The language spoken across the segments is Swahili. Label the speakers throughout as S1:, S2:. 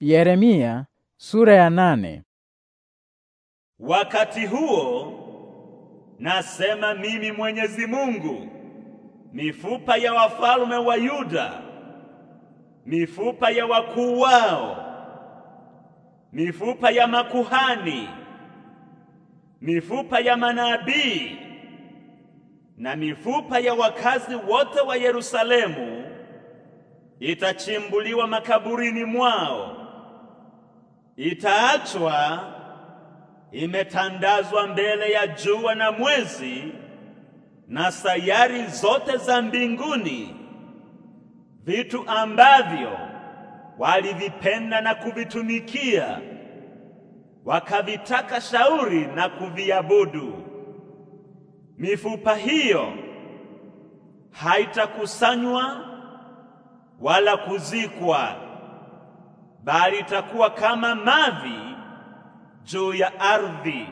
S1: Yeremia sura ya nane. Wakati huo nasema mimi Mwenyezi Mungu, mifupa ya wafalme wa Yuda, mifupa ya wakuu wao, mifupa ya makuhani, mifupa ya manabii na mifupa ya wakazi wote wa Yerusalemu itachimbuliwa makaburini mwao itaachwa imetandazwa mbele ya jua na mwezi na sayari zote za mbinguni, vitu ambavyo walivipenda na kuvitumikia, wakavitaka shauri na kuviabudu. Mifupa hiyo haitakusanywa wala kuzikwa bali itakuwa kama mavi juu ya ardhi.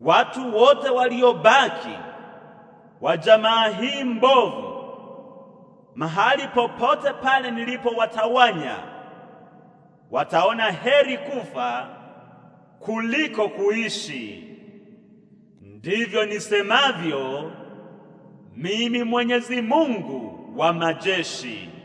S1: Watu wote waliobaki wa jamaa hii mbovu, mahali popote pale nilipowatawanya, wataona heri kufa kuliko kuishi. Ndivyo nisemavyo mimi Mwenyezi Mungu wa majeshi.